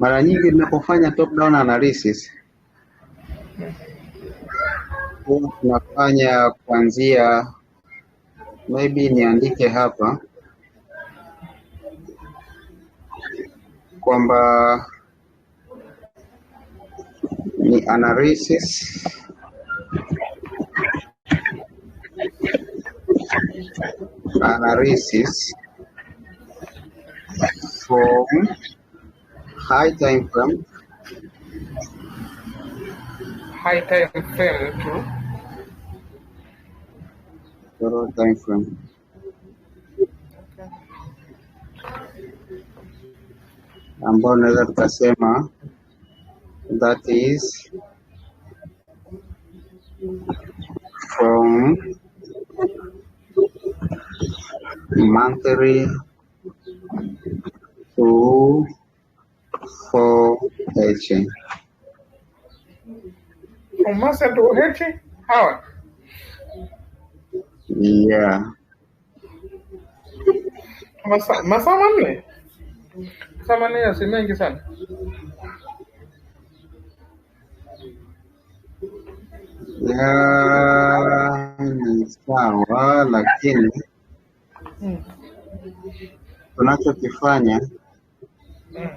Mara nyingi tunapofanya top down analysis tunafanya kuanzia, maybe niandike hapa kwamba ni analysis analysis from High time frame. High time frame, am from. time frame. am from. Ambonadar Kasema, that is from Mantri to etching. h Kumasa to etching? How? Yeah. Masaa masa manne? Masaa manne si mengi sana. Ya, ni sawa lakini tunachokifanya hmm. hmm.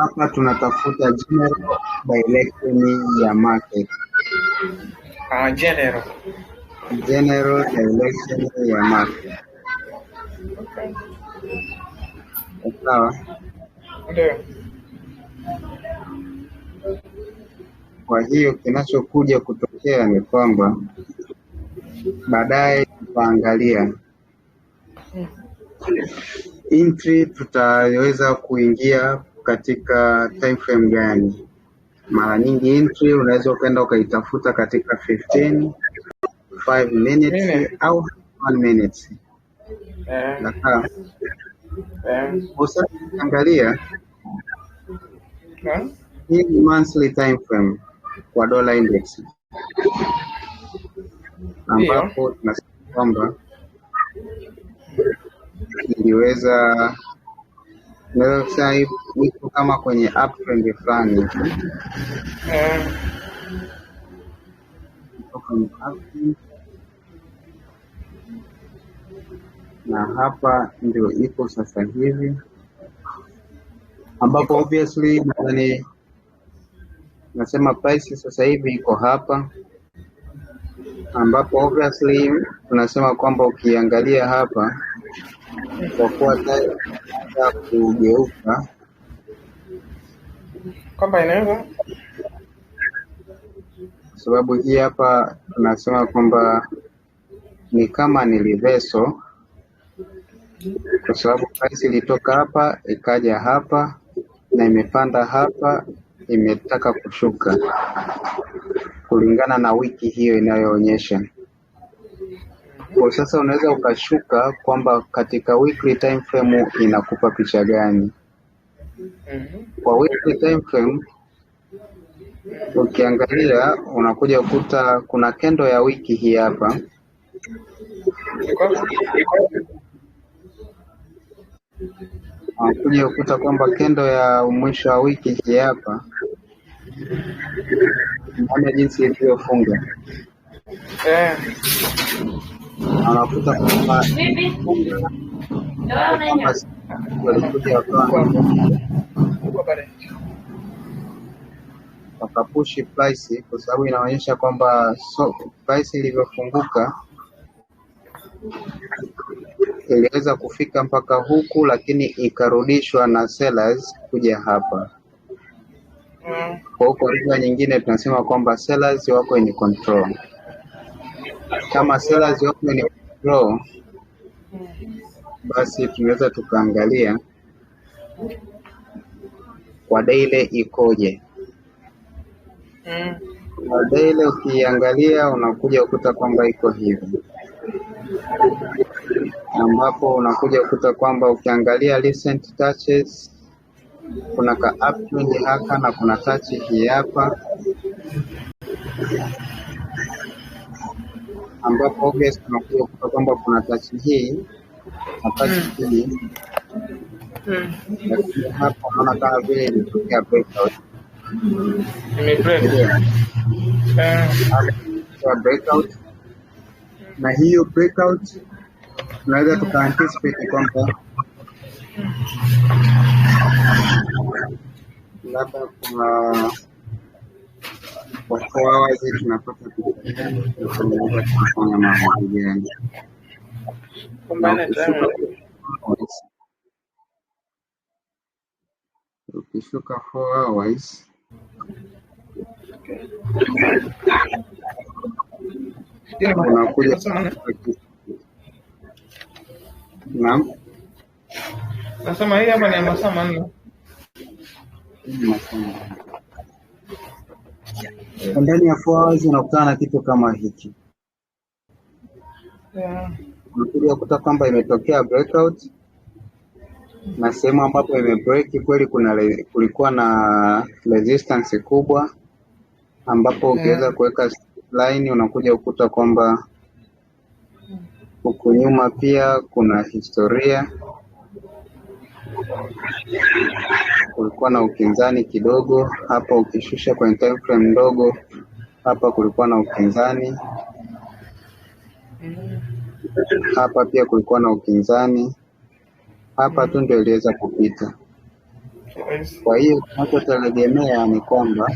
hapa tunatafuta general direction ya market. Uh, ah, general. General direction ya market. Sawa. Ndio. Kwa hiyo kinachokuja kutokea ni kwamba baadaye tutaangalia hmm. entry tutaweza kuingia katika time frame gani? Mara nyingi entry unaweza ukaenda ukaitafuta katika 15, 5 minutes au 1 minute minutes. Eh. Eh. Angalia hii ni monthly time frame kwa dola index, ambapo tunasema kwamba iliweza unaweza kusema hii wiko kama kwenye uptrend fulani hivi na hapa ndio iko sasa hivi, ambapo obviously nadhani nasema price sasa hivi iko hapa, ambapo obviously tunasema kwamba ukiangalia hapa kwa kuwa inaweza kugeuka kwamba inaweza sababu hii hapa tunasema kwamba ni kama ni reversal, kwa sababu price ilitoka hapa ikaja hapa na imepanda hapa, imetaka kushuka kulingana na wiki hiyo inayoonyesha kwa sasa unaweza ukashuka kwamba katika weekly time frame inakupa picha gani mhm. kwa weekly time frame ukiangalia unakuja kukuta kuna kendo ya wiki hii hapa unakuja kukuta kwamba kendo ya mwisho wa wiki hii hapa naona jinsi ilivyofunga eh anakuta kwamba wakapushi price kwa sababu inaonyesha kwamba so, price ilivyofunguka iliweza kufika mpaka huku, lakini ikarudishwa na sellers kuja hapa. Mm. Kwa huko lugha nyingine tunasema kwamba sellers wako in control kama sellers ni pro, basi tunaweza tukaangalia kwa daily ikoje. Kwa daily ukiangalia unakuja ukuta kwamba iko hivi, ambapo unakuja ukuta kwamba ukiangalia recent touches kuna ka uptrend haka na kuna touch hii hapa ambapo August tunakuja kuta kwamba kuna tachi hii na tachi hmm. hii hmm. lakini hapa naona kama vile imetokea breakout eh. breakout na hiyo breakout tunaweza tukaanticipate kwamba hmm. labda kuna Por qual existe uma profecia que semelhante à função da marrom grande. Ukishuka four hours. Unakuja naam, nasoma hii hapa ni masaa manne yeah. Ndani ya four hours unakutana na kitu kama hiki yeah. Unakuja kuta kwamba imetokea breakout na sehemu ambapo imebreak kweli, kuna le, kulikuwa na resistance kubwa ambapo ukiweza eh. kuweka line unakuja ukuta kwamba huku nyuma pia kuna historia kulikuwa na ukinzani kidogo hapa, ukishusha kwenye time frame ndogo hapa kulikuwa na ukinzani hapa, pia kulikuwa na ukinzani hapa tu ndio iliweza kupita. Kwa hiyo tunachotegemea ni kwamba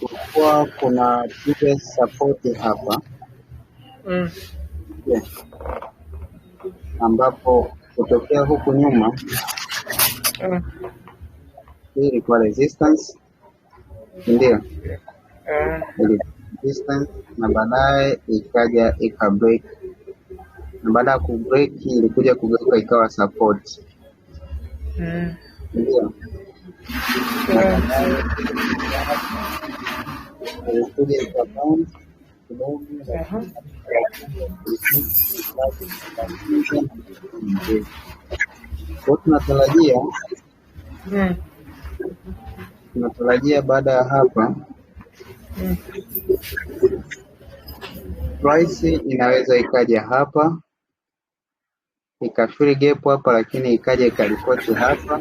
kulikuwa kuna previous support hapa mm. yeah. ambapo kutokea huku nyuma uh, hii ilikuwa distance. ndio uh, resistance na baadaye ikaja ika break, na baada ya kubreak ilikuja kugeuka ikawa support uh, ilikuja ikabounce kidogo kwa tunatarajia mm. tunatarajia baada ya hapa mm. price inaweza ikaja hapa ikafiri gap hapa, lakini ikaja ikaripoti hapa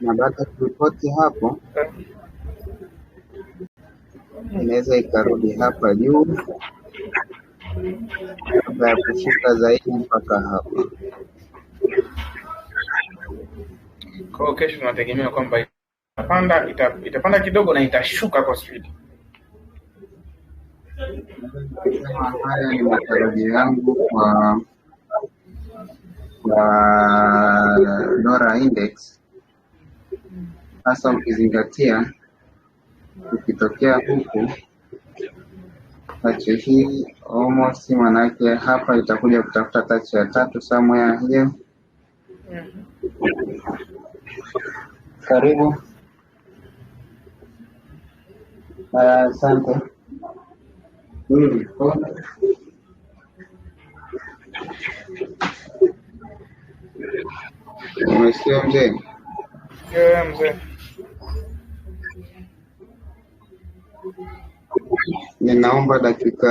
na baada ya kuripoti hapo inaweza ikarudi hapa juu kabla ya kushuka zaidi mpaka hapa. Kwa hiyo kesho tunategemea kwamba itapanda ita, itapanda kidogo na itashuka kwa speed. Haya ni matarajio yangu kwa kwa Index, hasa ukizingatia ukitokea huku tachi hii almost, manake hapa itakuja kutafuta tachi ya tatu somewhere hiyo. Karibu. Asante. Mbili. Umesikia mzee. Ninaomba dakika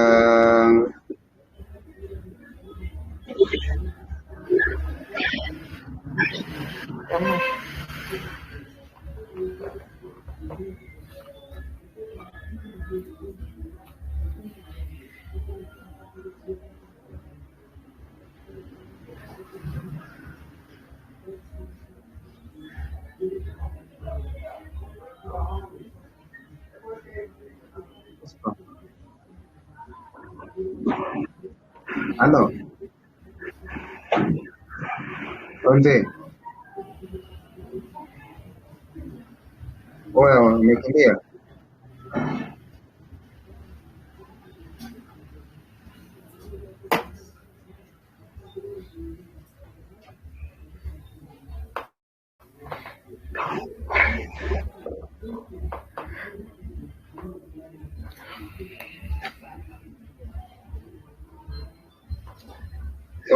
Hello. Konde. Oya, umekimbia?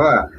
Sure